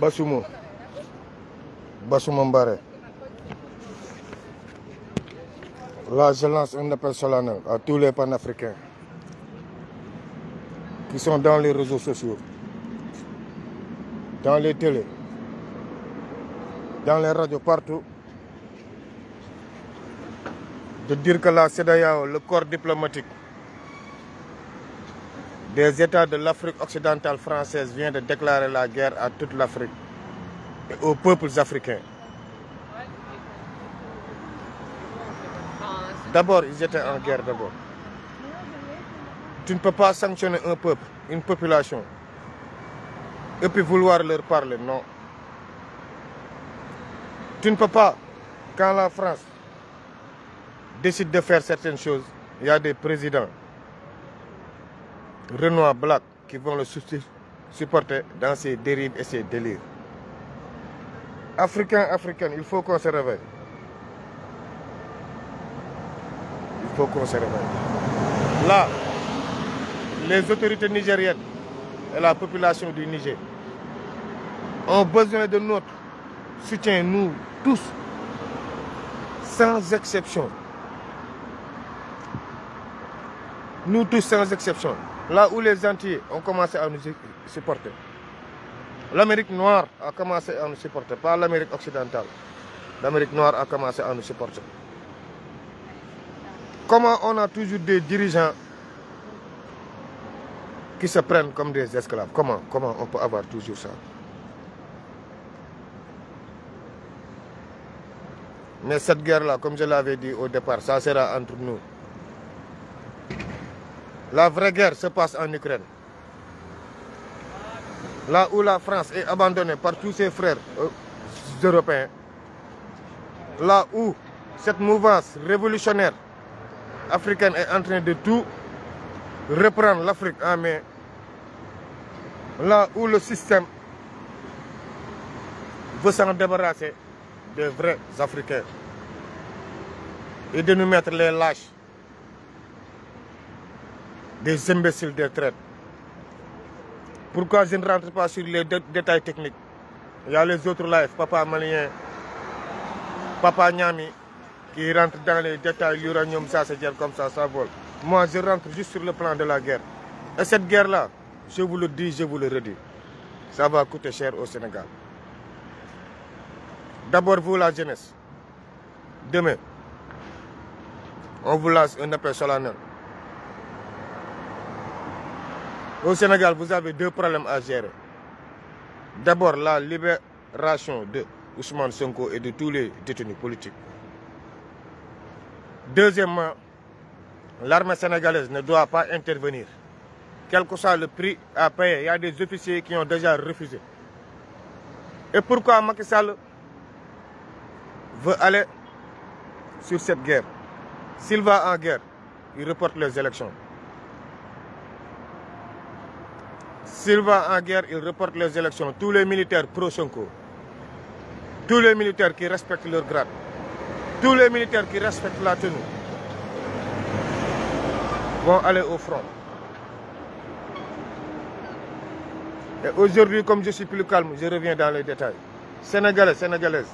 Basuma Basuma Mbare Là, je lance un à tous les panafricains qui sont dans les réseaux sociaux, dans les télés, dans les radios partout, de dire que la CEDEAO, le corps diplomatique, des États de l'Afrique occidentale française vient de déclarer la guerre à toute l'Afrique et aux peuples africains. D'abord, ils étaient en guerre d'abord. Tu ne pas sanctionner un peuple, une population, et puis vouloir leur parler, non. Tu ne peux pas, quand la France décide de faire certaines choses, il y a des présidents Renoir Black qui vont le supporter dans ses dérives et ses délires. Africains, africaines, il faut qu'on Il faut qu'on se réveille. Là, les autorités nigériennes et la population du Niger ont besoin de notre soutien, nous tous, sans exception. Nous tous sans exception. la où les Antillais ont commencé à nous supporter, l'Amérique noire a commencé à nous supporter, pas l'Amérique occidentale. L'Amérique noire a commencé à nous supporter. Comment on a toujours des dirigeants qui se prennent comme des esclaves Comment Comment on peut avoir toujours ça Mais cette guerre-là, comme je l'avais dit au départ, ça sera entre nous. La vraie guerre se passe en Ukraine. Là où la France est abandonnée par tous ses frères euh, européens, là où cette mouvance révolutionnaire africaine est en train de tout reprendre l'Afrique en main, là où le système veut s'en débarrasser des vrais Africains et de nous mettre les lâches des imbéciles des traites. Pourquoi je ne rentre pas sur les dé détails techniques Il les autres lives, Papa Malien, Papa ñaami qui rentrent dans les détails, l'uranium, ça se gère comme ça, ça vole. Moi, je rentre juste sur le plan de la guerre. Et cette guerre-là, je vous le dis, je vous le redis, va coûter cher au Sénégal. D'abord, vous, la jeunesse. Demain, on vous lance un appel solennel. Au Sénégal, vous avez deux problèmes à gérer. D'abord, la libération de Ousmane Sonko et de tous les détenus politiques. Deuxièmement, l'armée sénégalaise ne doit pas intervenir. Quel que soit le prix à payer, il y a des officiers qui ont déjà refusé. Et pourquoi Macky Sall veut aller sur cette guerre S'il va en guerre, il reporte les élections. S'il va en guerre, il reporte les élections. Tous les militaires pro-Sonko, tous les militaires qui respectent leur grade, tous les militaires qui respectent la tenue, vont aller au front. Et aujourd'hui, comme je suis plus calme, je reviens dans les détails. Sénégalais, Sénégalaises,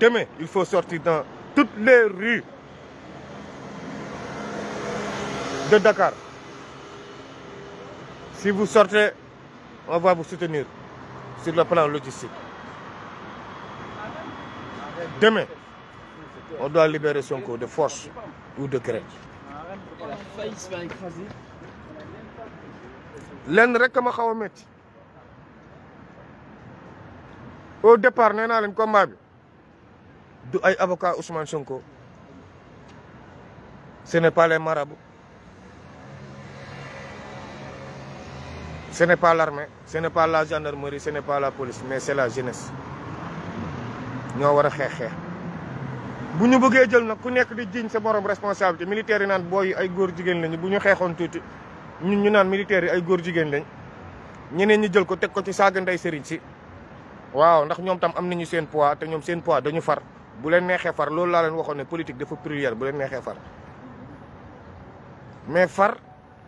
demain, il faut sortir dans toutes les rues de Dakar. Si vous sortez, on va vous soutenir sur le plan logistique. Demain, on doit libérer son corps de force ou de grève. lenn rek ma xaw a métti au départ nee naa leen combat bi du ay avocat Ousmane Sonko ce n'est pas les marabouts Ce n'est pas l'armée, ce n'est la gendarmerie, ce n'est pas la police, mais c'est la jeunesse. ñoo war a xeex xeex bu ñu bëggee jël nag ku nekk di jiñ sa borom responsabilité militaire yi naan booy yi ay góor jigéen lañu bu ñu xeexoon tuuti ñun ñu naan militaire yi ay góor jigéen lañ ñeneen ñi jël ko teg ko ci saaga ndey sëriñ si. waaw ndax ñoom tam am nañu seen poids te ñoom seen pois dañu far bu leen neexee far loolu laa leen waxoon ne politique dafa pluriel bu leen neexee far mais far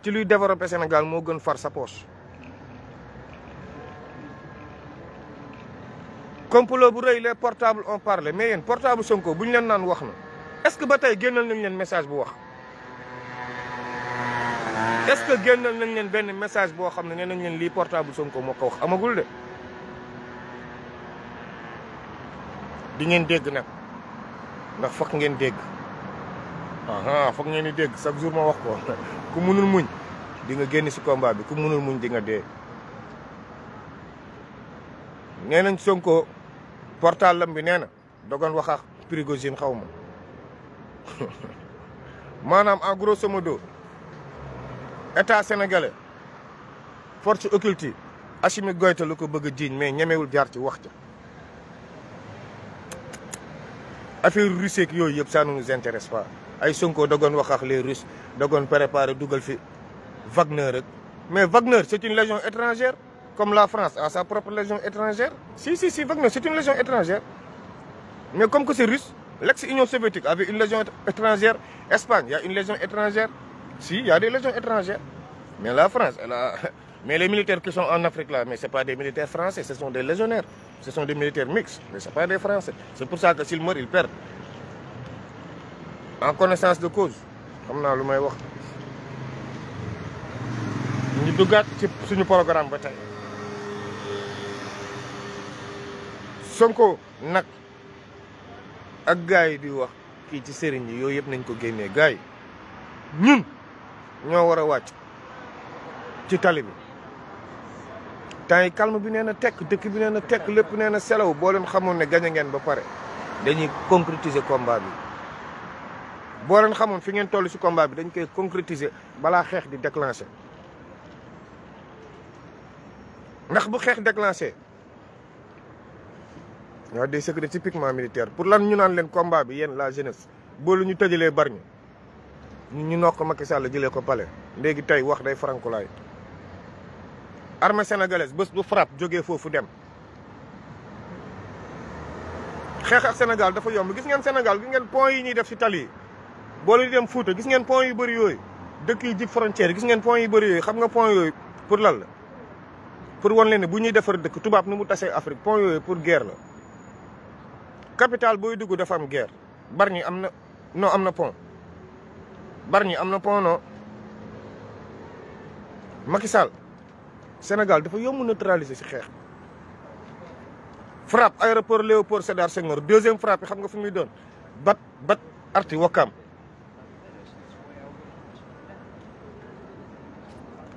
ci luy développer Sénégal moo gën far sa poche. complot bu rëy les portables ont parlé mais yéen portable Sonko bu ñu leen naan wax na est-ce que ba tey génnal nañ leen message bu wax. est-ce que génnal nañ leen benn message boo xam ne nee nañ leen lii portable Sonko moo ko wax amagul de. di ngeen dégg nag ndax foog ngeen dégg aha foog ngeen di dégg chaque jour ma wax ko ku munul muñ di nga génn si combat bi ku munul muñ di nga dee nee nañ Sonko portable am bi nee na dogoon wax ak Prigozhin xaw ma maanaam en grosso modo état sénégalais force occulte yi Assimi ko bëgg a jiiñ mais ñemewul jaar ci wax ca affaire russe yooyu yëpp ça ne nous intéresse pas ay Sonko dogoon wax ak les Russes dogoon préparé dugal fi Wagner rek mais Wagner c'est légion étrangère comme la France a sa propre légion étrangère. Si, si, si, Wagner, c'est une légion étrangère. Mais comme que c'est russe, l'ex-Union soviétique avait une légion étrangère. Espagne, il a une légion étrangère. Si, il a des légions étrangères. Mais la France, elle a... Mais les militaires qui sont en Afrique là, mais ce pas des militaires français, ce sont des légionnaires. Ce sont des militaires mixtes, mais ce pas des français. C'est pour ça que s'ils meurent, ils perdent. En connaissance de cause, comme dans le Maïwa. Sonko nag ak gars yi di wax kii ci sëriñ yi yooyu yëpp nañ ko génnee gaay ñun ñoo war a wàcc ci tali bi temps yi calme bi nee na tekk dëkk bi nee na tekk lépp nee na selaw booleen leen xamoon ne gañ ngeen ba pare dañuy concrétiser combat bi boo leen xamoon fi ngeen toll si combat bi dañ koy concrétiser balaa xeex di déclencher ndax bu xeex déclencher waaw des secrets typiquement militaires pour lan ñu naan leen combat bi yéen la jeunesse boo lu ñu tëjalee bari ñu ñu ñu nokk Macky Sall jëlee ko palais léegi tey wax day farankulaay armée sénégalaise bés bu frappe jógee foofu dem xeex ak Sénégal dafa yomb gis ngeen Sénégal gis ngeen point yi ñuy def ci tali yi boo leen dem Fuuta gis ngeen point yu bëri yooyu dëkk yi jib frontière gis ngeen point yu bëri yooyu xam nga point yooyu pour lan la pour wan leen bu ñuy defar dëkk tubaab nu mu tasee Afrique point yooyu pour guerre la capital booy dugg dafa am guerre Bargny am na non am na pont Bargny am na pont no Macky Sall Sénégal dafa yomb neutraliser si xeex frappe aéroport Léopold Sédar Senghor deuxième frappe xam nga fu muy doon bat bat arti wakkaam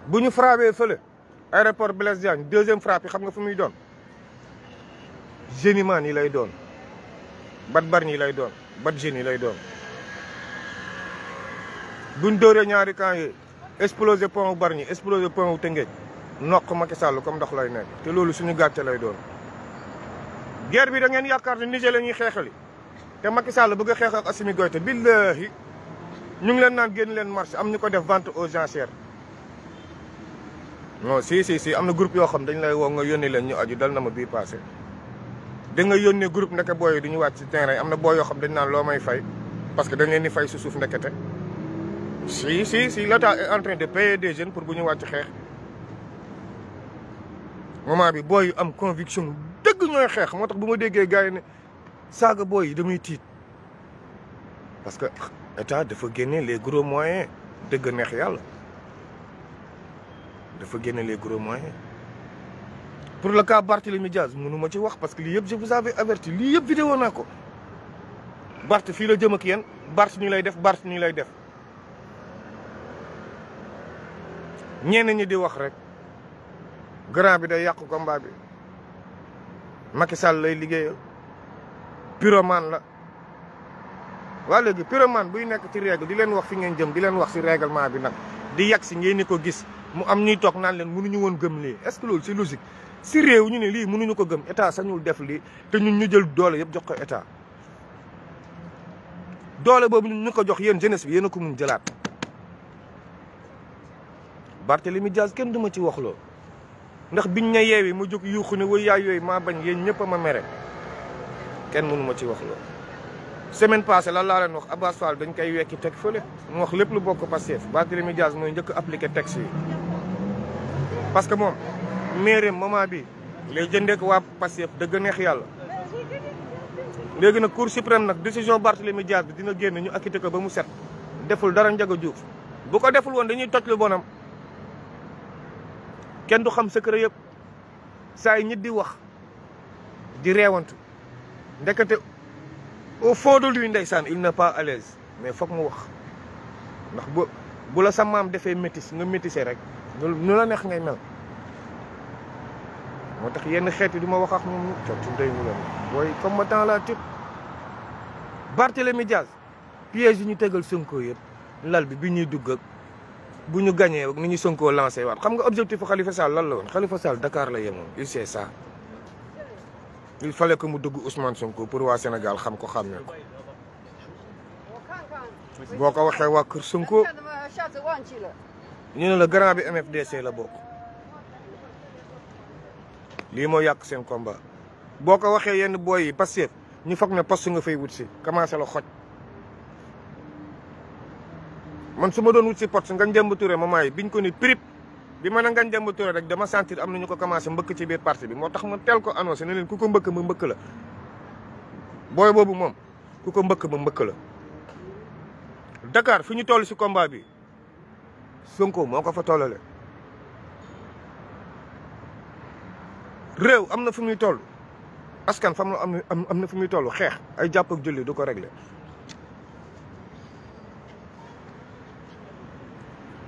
bu ñu frappé fële aéroport Blaise Diagne deuxième frappe yi xam nga fu muy doon géniman yi lay doon bat Bargny lay doon bat jeunes yi lay doon buñ dooree ñaari camp yi explosé pont wu Bargny explosé pont wu Tëngéej nokk Macky Sall comme ndox lay nekk te loolu suñu gàcce lay doon guerre bi da ngeen yaakaar ne Niger la ñuy xeexali te Macky Sall bëgg a xeex ak Assimi Goïta billahi ñu ngi leen naan génn leen marché am ñu ko def vente aux enchères non si si si am na groupe yoo xam dañ lay woo nga yónni leen ñu aju dal na ma bii passé da nga yónnee groupe ndeke booy yi du wàcc ci terrain am na booy yoo xam dañ naan loo may fay parce que dañ leen di fay su suuf ndekete si si si l'État est en train de payer des jeunes pour bu ñu wàcc xeex moment bi booy yu am conviction dëgg ñooy xeex moo tax bu ma déggee gars yi ne saaga booy yi damay tiit parce que état dafa génne les gros moyens dëgg neex yàlla dafa génne les gros moyens pour le cas Barthélémy Diaz mënuma ci wax parce que lii yëpp je vous avais averti lii yëpp vidéo naa ko Barth fii la jëm ak yéen Barth nii lay def Barth nii lay def ñenn ñi di wax rek grand bi day yàqu combat bi Macky Sall lay liggéeyal pyromane la waa léegi pyromane buy nekk ci règle di leen wax fi ngeen jëm di leen wax si règlement bi nag di yàgg si ngeen ni ko gis mu am ñuy toog naan leen mënuñu woon gëm lii est-ce que loolu c'est logique si réew ñu ne lii mënuñu ko gëm état sañul def lii te ñun ñu jël doole yëpp jox ko état doole boobu ñun ñu ko jox yéen jeunesse bi yéen a ko mun jëlaat. Barthélemy jaas kenn du ma ci wax loo ndax biñ ne yeewi ma jóg yuuxu ne way yaay yooyu maa bañ yéen ñëpp a ma mere kenn mënu ma ci wax loo semaine passée lan laa leen wax Abbas Fall dañ koy wekki teg fële mu wax lépp lu bokk Pastef Barthélemy Diaz mooy njëkk appliqué texte yi parce que moom. mairie moment bi lay jëndee ko waa Pastef dëgg neex yàlla. léegi nag cour suprême nag décision Barthélemy Dias bi dina génn ñu acquitté ko ba mu set deful dara Ndiaga Diouf bu ko deful woon dañuy toj lu bonam kenn du xam secret yëpp saa yi ñit di wax di reewantu ndekete au fond de lui ndeysaan il n'est pas à mais foog mu wax ndax bu bu la sa maam defee métis nga métissé rek ñu la neex ngay mel moo tax yenn xeet yi du ma wax ak ñoom cottu day mu leen comme ma dans la tip Barthélemy Diaz piège yi ñu tegal Sonko yëpp lal bi bi ñuy dugg ak bu ñu gagné ni ñu Sonko lancé waat xam nga objectif Khalifa Sall lan la woon Khalifa Sall Dakar la yemoon il sait ça il fallait que mu dugg Ousmane Sonko pour waa Sénégal xam ko xam xàmmee ko boo ko waxee waa kër ñu ne la grand bi MFDC la bokk lii moo yàq seen combat boo ko waxee yenn booy yi Pastef ñu foog ne poste nga fay wut si commencé la xoj man su ma doon wut si poste nga njëmb Touré moment yi biñ ko ne prip bi ma ne nga njëmb rek dama sentir am na ñu ko commencé mbëkk ci biir parti bi moo tax ma teel ko annoncé ne leen ku ko mbëkk ma mbëkk la booy boobu moom ku ko mbëkk ma mbëkk la dakaar fi ñu toll si combat bi Sonko moo ko fa tollale réew am na fu muy toll askan fam la am am na fu muy toll xeex ay jàpp ak julli du ko régler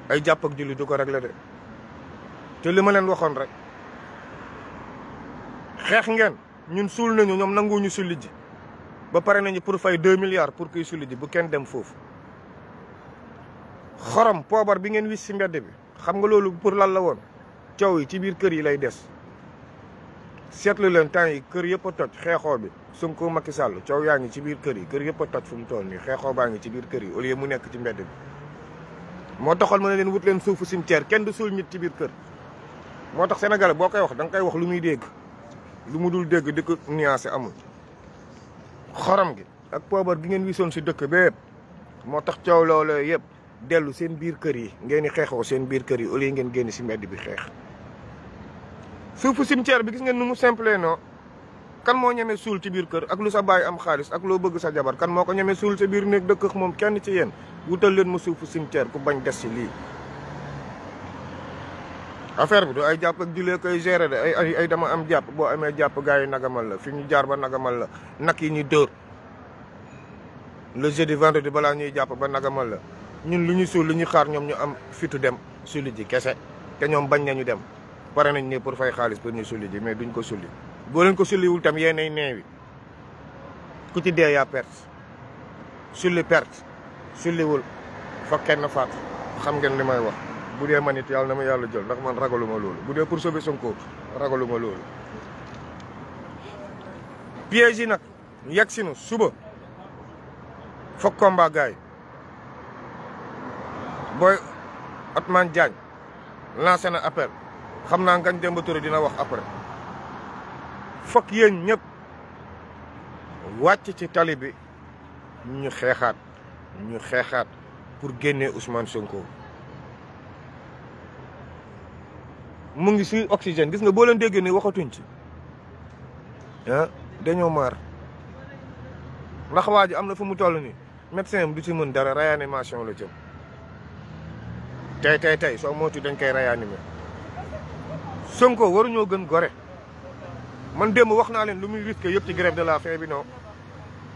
ay jàpp ak julli ko régler de te li ma leen waxoon rek xeex ngeen ñun suul nañu ñoom nanguwuñu sulli ji ba pare nañu pour fay deux milliards pour kuy sulli ji bu kenn dem foofu xorom poobar bi ngeen wis si mbedd bi xam nga loolu pour lan la woon coow yi ci biir kër yi lay des seetlu leen temps yi kër yëpp a toj xeexoo bi Sonko Macky sàll coow yaa ngi ci biir kër yi kër yëpp a toj fu mu toll nii xeexoo baa ngi ci biir kër yi au mu nekk ci mbedd moo taxoon ma ne leen wut leen suufu cimetière kenn du suul nit ci biir kër moo tax Sénégal boo koy wax da koy wax lu muy dégg mu dul dégg di ko nuancé amul xorom gi ak poobar gi ngeen wisoon si dëkk bépp moo tax coow yëpp dellu seen biir kër yi ngeen di xeexoo seen biir kër yi au ngeen génn si mbedd bi xeex suufu cimetière bi gis ngeen nu mu simple noo kan moo ñemee suul ci biir kër ak lu sa baay am xaalis ak loo bëgg sa jabar kan moo ko ñemee suul ci biir néeg dëkk moom kenn ci yéen wutal leen mu suufu cimetière ku bañ des si lii. affaire bi du ay jàpp ak julee koy gérer de ay ay dama am jàpp boo amee jàpp gars yi nagamal la fi ñu jaar ba nagamal la nak yi ñu dóor le jeudi vendredi balaa ñuy jàpp ba nagamal la ñun lu ñu suul lu ñu xaar ñoom ñu am fitu dem suuli ji kese te ñoom bañ nañu dem. pare nañ ne pour fay xaalis pour ñu sulli ji mais duñ ko sulli boo leen ko sulliwul tam yéenay neewi ku ci dee yaa perte sulli perte sulliwul fa kenn faat xam ngeen li may wax bu dee man it yàlla na ma yàlla jël ndax man ma loolu bu dee pour sauver Sonko ragaluma loolu piège yi nag yegg si nu suba foog combat gars yi booy Atman Diagne lancé na appel xam naa ngañ Demba Touré dina wax après fokk yéen ñëpp wàcc ci tali bi ñu xeexaat ñu xeexaat pour génnee Ousmane Sonko mu ngi si oxygène gis nga boo leen déggee ni waxatuñ ci ah dañoo maar ndax waa am na fu mu toll ni médecin am du ci mën dara réanimation la jëm tey tey tey soo moytu dañ koy réanimer Sonko waruñoo gën gore man démb wax naa leen lu muy risqué yëpp ci grève de la faim bi non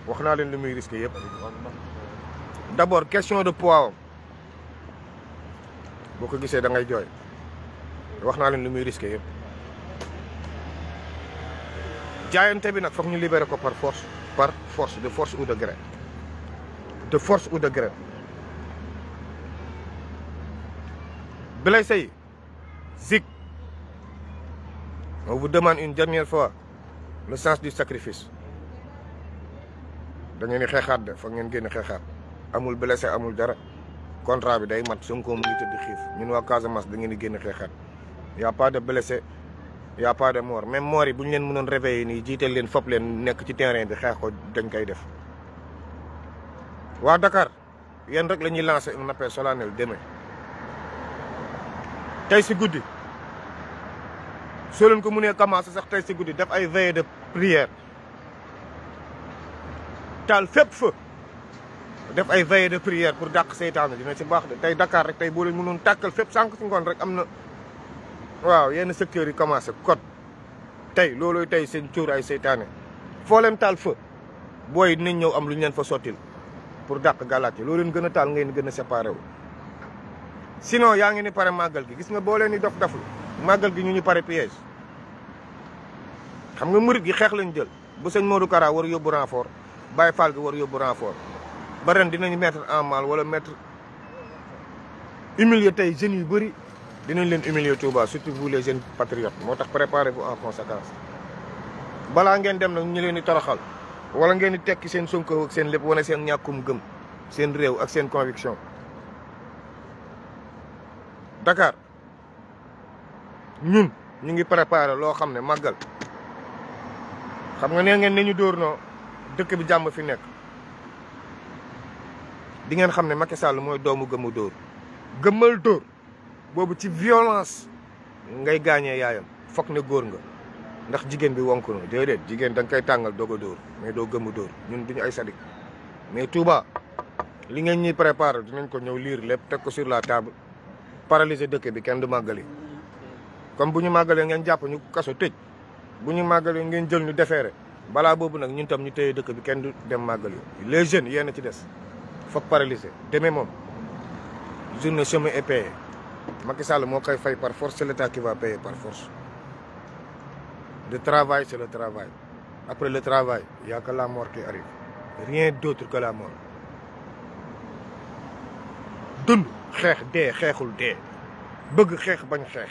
wax naa leen lu muy risqué yëpp d'abord question de pois am boo ko gisee da ngay jooy wax naa leen lu muy risqué yëpp jaayante bi nag foog ñu libere ko par force par force de force ou de gré de force ou de gré blessé On vous demande une dernière fois le sens du sacrifice da ngeen di xeexaat de foog ngeen génn xeexaat amul blessé amul dara contrat bi day mat Sonko mu ngi tëdd xiif ñun waa Casamance da ngeen di génn xeexaat y' a pas de blessé y' pas de mort même mort yi bu ñu leen mënoon réveiller nii jiital leen fop leen nekk ci terrain bi xeex ko dañ koy def. waa Dakar yéen rek lañuy ñuy un appel solennel demain tey si guddi. soo leen ko mënee commencé sax tey si guddi def ay veillée de prière taal fépp fa def ay veillée de prière pour dàq seytaane dina si baax de tey dakaar rek tey boo leen mënoon tàkkal fépp sànq si ngoon rek am na waaw yenn secteurs yi commencé kot tey loolooy tey seen cuur ay seytaane foo leen taal fa booy dinañ ñëw am lu ñu leen fa sottil pour dàq galaat yi loo leen gën a taal ngeen gën a séparé wu sinon yaa ngi ni pare màggal gi gis nga boo leen yi dof daflu màggal gi ñu ñu pare xam nga murit gi xeex lañ jël bu sëñ Modou Kara war yóbbu ba Baye Fall gi war yóbbu renfort ba ren dinañ mettre en mal wala mettre humilier tey jeunes yu bëri dinañ leen humilier Touba surtout vous les jeunes patriotes moo tax préparez bu en conséquence balaa ngeen dem nag ñu leen di toroxal wala ngeen di tekki seen Sonko seen lépp wane seen ñàkkum gëm seen réew ak seen conviction Dakar ñun ñu ngi préparer loo xam ne màggal xam nga ne ngeen ne ñu dóor noo dëkk bi jàmm fi nekk di ngeen xam ne Macky Sall mooy doomu gëmu dóor gëmmal boobu ci violence ngay gaañee yaayam foog ne góor nga ndax jigéen bi wonku na déedéet jigéen da nga koy tàngal doog a dóor mais doo gëmu dóor ñun duñu ay sadik mais Touba li ngeen ñuy préparé dinañ ko ñëw liir lépp teg ko sur la table paralyser dëkk bi kenn du màggali comme bu ñu màggalee ngeen jàpp ñu kaso tëj bu ñu màggalee ngeen jël ñu defeere balaa boobu nag ñun tam ñu téye dëkk bi kenn du dem màggal yi les jeunes yéen a ci des foog paralysé demee moom journée chemin est payé Macky Sall moo koy fay par force c'est l'état qui va payer par force le travail c'est le travail après le travail y a que la mort qui arrive rien d'autre que la mort dund xeex dee xeexul dee bëgg xeex bañ xeex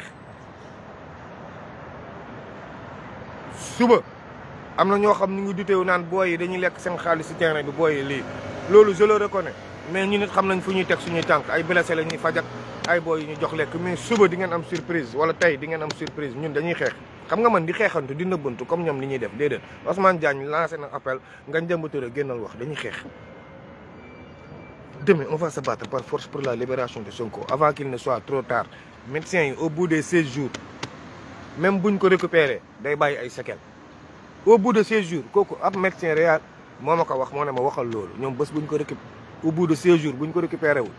suba am na ñoo xam ñu ngi dutewu naan booy yi dañuy lekk seen xaalis si terrain bi booy yi lii loolu je le mais ñu nit xam nañ fu ñuy teg suñuy tànk ay blessé la ñuy fajat ay booy yi ñu jox lekk mais suba di ngeen am surprise wala tey di ngeen am surprise ñun dañuy xeex xam nga man di xeexantu dina bunt comme ñoom li ñuy def déedéet Ousmane Diagne lancé na appel nga Demba Touré génnal wax dañuy xeex demain on va se battre par force pour la libération de Sonko avant qu'il ne soit trop tard médecins yi au bout des seize jours même buñ ko récupérer day bàyyi ay séquelles au bout de seize jours kooku ab médecin réel moo ma ko wax moo ne ma waxal loolu ñoom bés bu ñu ko récup au bout de seize jours bu ñu ko récupéré wul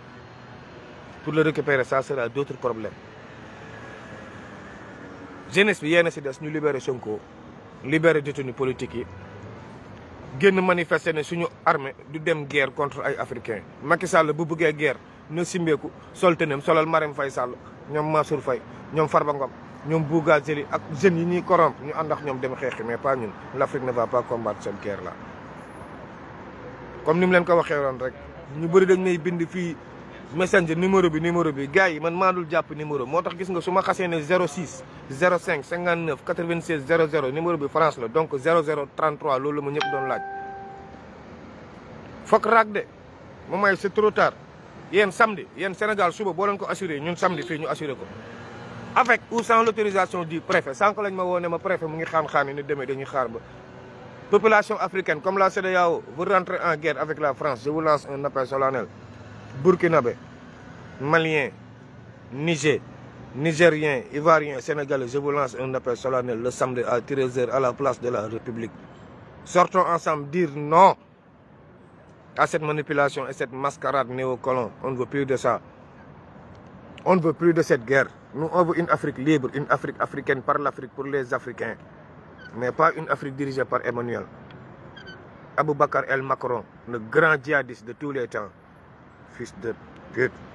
pour le récupérer ça sera d' autres problèmes jeunesse bi yéen a si des ñu libéré Sonko libéré détenu politique yi génn manifester ne suñu armée du dem guerre contre ay africains Macky Sall bu bëggee guerre na simbeeku soltenem solal Marème Faye Sall ñoom Mansour Faye ñoom Farba Ngom ñoom Bougazeli ak jeunes yi nii corrompre ñu ànd ak ñoom dem xeexi mais pas ñun l'Afrique ne va pas combattre cette guerre là comme ni leen ko waxee woon rek ñu bëri dañ may bind fii messenger numéro bi numéro bi gars yi man maa dul jàpp numéro moo tax gis nga su ma xasee ne 06 05 59 96 00 numéro bi France la donc 0033 loolu la ma ñëpp doon laaj fokk raag de moom mooy c'est trop tard yéen samedi yéen Sénégal suba boo leen ko assuré ñun samedi ñu assuré ko avec ou sans l'autorisation du préfet sànq lañ ma woo ne ma préfet mu ngi xaan-xaani ne demee dañuy xaar ba population africaine comme la CEDEAO vous rentrez en guerre avec la France je vous lance un appel solennel burkinabé malien niger nigérien ivoirien sénégalais je vous lance un appel solennel le samedi à 13h à la place de la République sortons ensemble dire non à cette manipulation et cette mascarade néocolon on ne veut plus ça On ne veut plus de cette guerre. Nous, on veut une Afrique libre, une Afrique africaine par l'Afrique, pour les Africains. Mais pas une Afrique dirigée par Emmanuel. Abou Bakar El Macron, le grand djihadiste de tous les temps. Fils de pute.